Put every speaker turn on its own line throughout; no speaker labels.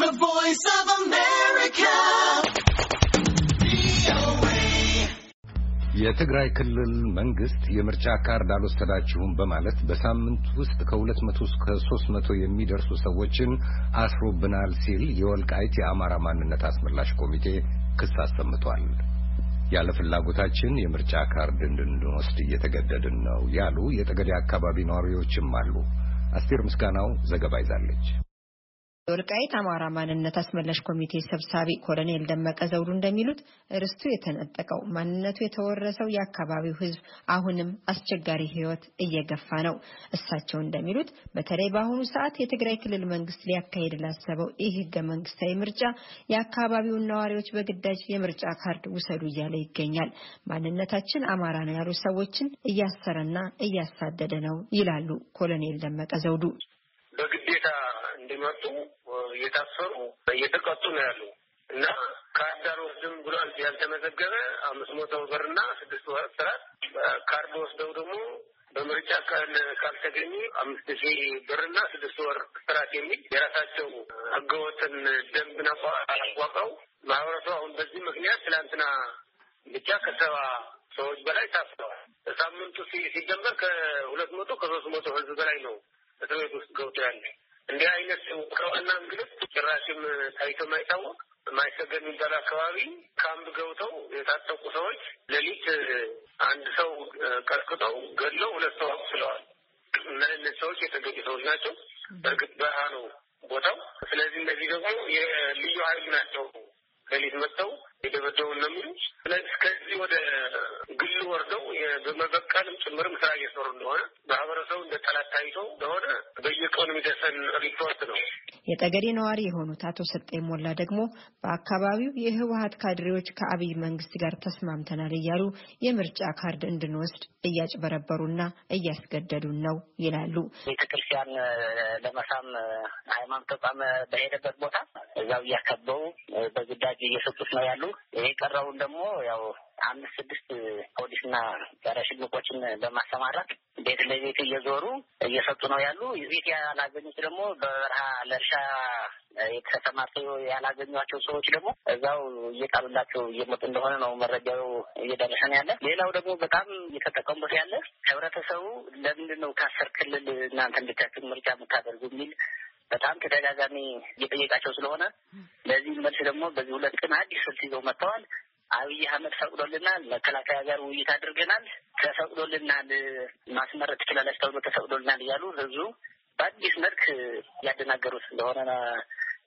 The Voice of America.
የትግራይ ክልል መንግስት የምርጫ ካርድ አልወሰዳችሁም በማለት በሳምንት ውስጥ ከሁለት መቶ እስከ ሶስት መቶ የሚደርሱ ሰዎችን አስሮብናል ሲል የወልቃይት የአማራ ማንነት አስመላሽ ኮሚቴ ክስ አሰምቷል። ያለ ፍላጎታችን የምርጫ ካርድ እንድንወስድ እየተገደድን ነው ያሉ የጠገዴ አካባቢ ነዋሪዎችም አሉ። አስቴር ምስጋናው ዘገባ ይዛለች።
የወልቃይት አማራ ማንነት አስመላሽ ኮሚቴ ሰብሳቢ ኮሎኔል ደመቀ ዘውዱ እንደሚሉት ርስቱ የተነጠቀው ማንነቱ የተወረሰው የአካባቢው ሕዝብ አሁንም አስቸጋሪ ሕይወት እየገፋ ነው። እሳቸው እንደሚሉት በተለይ በአሁኑ ሰዓት የትግራይ ክልል መንግስት ሊያካሄድ ላሰበው ይህ ህገ መንግስታዊ ምርጫ የአካባቢውን ነዋሪዎች በግዳጅ የምርጫ ካርድ ውሰዱ እያለ ይገኛል። ማንነታችን አማራ ነው ያሉ ሰዎችን እያሰረና እያሳደደ ነው ይላሉ ኮሎኔል ደመቀ ዘውዱ
በግዴታ የመጡ እየታሰሩ እየተቀጡ ነው ያሉ እና ከአዳር ወስድም ብሏል ያልተመዘገበ አምስት መቶ ብር እና ስድስት ወር እስራት ካርድ ወስደው ደግሞ በምርጫ ቀን ካልተገኙ አምስት ሺህ ብርና ስድስት ወር እስራት የሚል የራሳቸው ህገወጥን ደንብ አቋቋው ማህበረሰቡ አሁን በዚህ ምክንያት ትላንትና ብቻ ከሰባ ሰዎች በላይ ታስረዋል። ሳምንቱ ሲጀመር ከሁለት መቶ ከሶስት መቶ ህዝብ በላይ ነው እስር ቤት ውስጥ ገብቶ ያለ እንዲህ አይነት ውቀዋና እንግልት ጭራሽም ታይቶ ማይታወቅ ማይሰገን የሚባል አካባቢ ካምፕ ገብተው የታጠቁ ሰዎች ሌሊት አንድ ሰው ቀጥቅጠው ገድለው ሁለት ሰው አቁስለዋል እና እነዚህ ሰዎች የተገኙ ሰዎች ናቸው። በእርግጥ በረሃ ነው ቦታው። ስለዚህ እነዚህ ደግሞ የልዩ ኃይል ናቸው ሌሊት መጥተው የደበደቡን ነው ስለዚህ ከዚህ ወደ ግል ወርደው በመበቀልም ጭምርም ስራ እየሰሩ እንደሆነ
ማህበረሰቡ እንደ ጠላት ታይቶ እንደሆነ በየቀኑ የሚደርሰን ሪፖርት ነው። የጠገዴ ነዋሪ የሆኑት አቶ ሰጤ ሞላ ደግሞ በአካባቢው የህወሀት ካድሬዎች ከአብይ መንግስት ጋር ተስማምተናል እያሉ የምርጫ ካርድ እንድንወስድ እያጭበረበሩና እያስገደዱን ነው ይላሉ።
ቤተክርስቲያን ለመሳም ሃይማኖት ተቋም በሄደበት ቦታ እዛው እያከበው በግዳጅ እየሰጡት ነው ያሉ። ይሄ ቀረውን ደግሞ ያው አምስት ስድስት ፖሊስና ጸረ ሽምቆችን በማሰማራት ቤት ለቤት እየዞሩ እየሰጡ ነው ያሉ። ቤት ያላገኙት ደግሞ በበረሃ ለእርሻ የተሰማርቶ ያላገኟቸው ሰዎች ደግሞ እዛው እየጣሉላቸው እየመጡ እንደሆነ ነው መረጃው እየደረሰ ነው ያለ። ሌላው ደግሞ በጣም እየተጠቀሙበት ያለ ህብረተሰቡ ለምንድን ነው ከአስር ክልል እናንተ እንድታችሁ ምርጫ የምታደርጉ የሚል በጣም ተደጋጋሚ እየጠየቃቸው ስለሆነ ለዚህ መልስ ደግሞ በዚህ ሁለት ቀን አዲስ ስልት ይዘው መጥተዋል። አብይ አህመድ ፈቅዶልናል፣ መከላከያ ጋር ውይይት አድርገናል፣ ተፈቅዶልናል፣ ማስመረት ትችላለች ተብሎ ተፈቅዶልናል እያሉ ህዝቡ በአዲስ መልክ ያደናገሩት እንደሆነ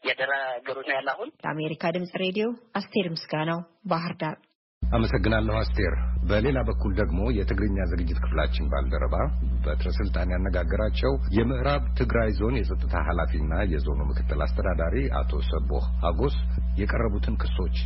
ያደናገሩት ነው ያለ። አሁን ለአሜሪካ ድምጽ ሬዲዮ አስቴር ምስጋናው ባህር ዳር።
አመሰግናለሁ አስቴር። በሌላ በኩል ደግሞ የትግርኛ ዝግጅት ክፍላችን ባልደረባ ስልጣን ያነጋገራቸው የምዕራብ ትግራይ ዞን የጸጥታ ኃላፊና የዞኑ ምክትል አስተዳዳሪ አቶ ሰቦህ አጎስ የቀረቡትን ክሶች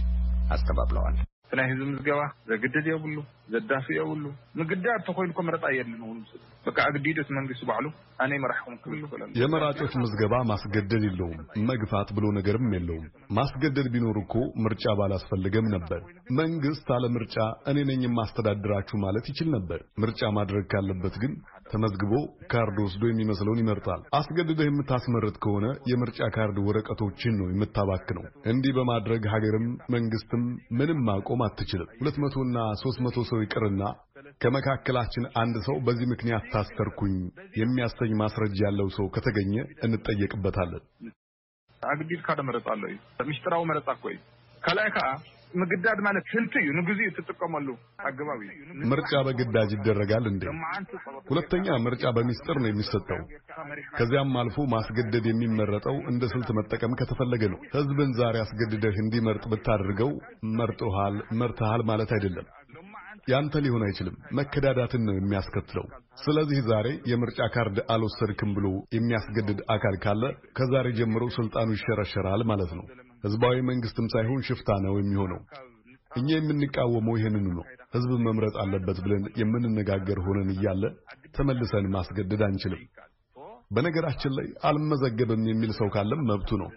አስተባብለዋል። ናይ ህዝቢ ምዝገባ ዘግድድ የብሉ ዘዳፊ የብሉ ምግዳ ተኮይኑ ኮ መረጣ የለን ውን በቃ ኣግዲዶት መንግስቲ ባዕሉ ኣነ መራሕኩም ክብል ይክእለ የመራጮች
ምዝገባ ማስገደድ የለውም መግፋት ብሎ ነገርም የለውም። ማስገደድ ቢኖር እኮ ምርጫ ባላስፈልገም ነበር። መንግስት አለ ምርጫ እኔ ነኝ የማስተዳድራችሁ ማለት ይችል ነበር። ምርጫ ማድረግ ካለበት ግን ተመዝግቦ ካርድ ወስዶ የሚመስለውን ይመርጣል። አስገድደህ የምታስመርጥ ከሆነ የምርጫ ካርድ ወረቀቶችን ነው የምታባክነው። እንዲህ በማድረግ ሀገርም መንግስትም ምንም ማቆም አትችልም። ሁለት መቶና ሶስት መቶ ሰው ይቅርና ከመካከላችን አንድ ሰው በዚህ ምክንያት ታሰርኩኝ የሚያሰኝ ማስረጃ ያለው ሰው ከተገኘ እንጠየቅበታለን። አግዲድ ካደ መረጣለሁ ሚስጥራው መረጣ ኮይ ምግዳድ ማለት ሽንት እዩ ንግዚኡ ትጥቀመሉ አግባብ እዩ። ምርጫ በግዳጅ ይደረጋል እንዴ? ሁለተኛ ምርጫ በሚስጥር ነው የሚሰጠው። ከዚያም አልፎ ማስገደድ የሚመረጠው እንደ ስልት መጠቀም ከተፈለገ ነው። ህዝብን ዛሬ አስገድደህ እንዲመርጥ ብታደርገው መርጦሃል፣ መርተሃል ማለት አይደለም። ያንተ ሊሆን አይችልም። መከዳዳትን ነው የሚያስከትለው። ስለዚህ ዛሬ የምርጫ ካርድ አልወሰድክም ብሎ የሚያስገድድ አካል ካለ ከዛሬ ጀምሮ ስልጣኑ ይሸረሸራል ማለት ነው። ህዝባዊ መንግስትም ሳይሆን ሽፍታ ነው የሚሆነው። እኛ የምንቃወመው ይህንኑ ነው። ህዝብ መምረጥ አለበት ብለን የምንነጋገር ሆነን እያለ ተመልሰን ማስገደድ አንችልም። በነገራችን ላይ አልመዘገብም የሚል ሰው ካለም መብቱ ነው።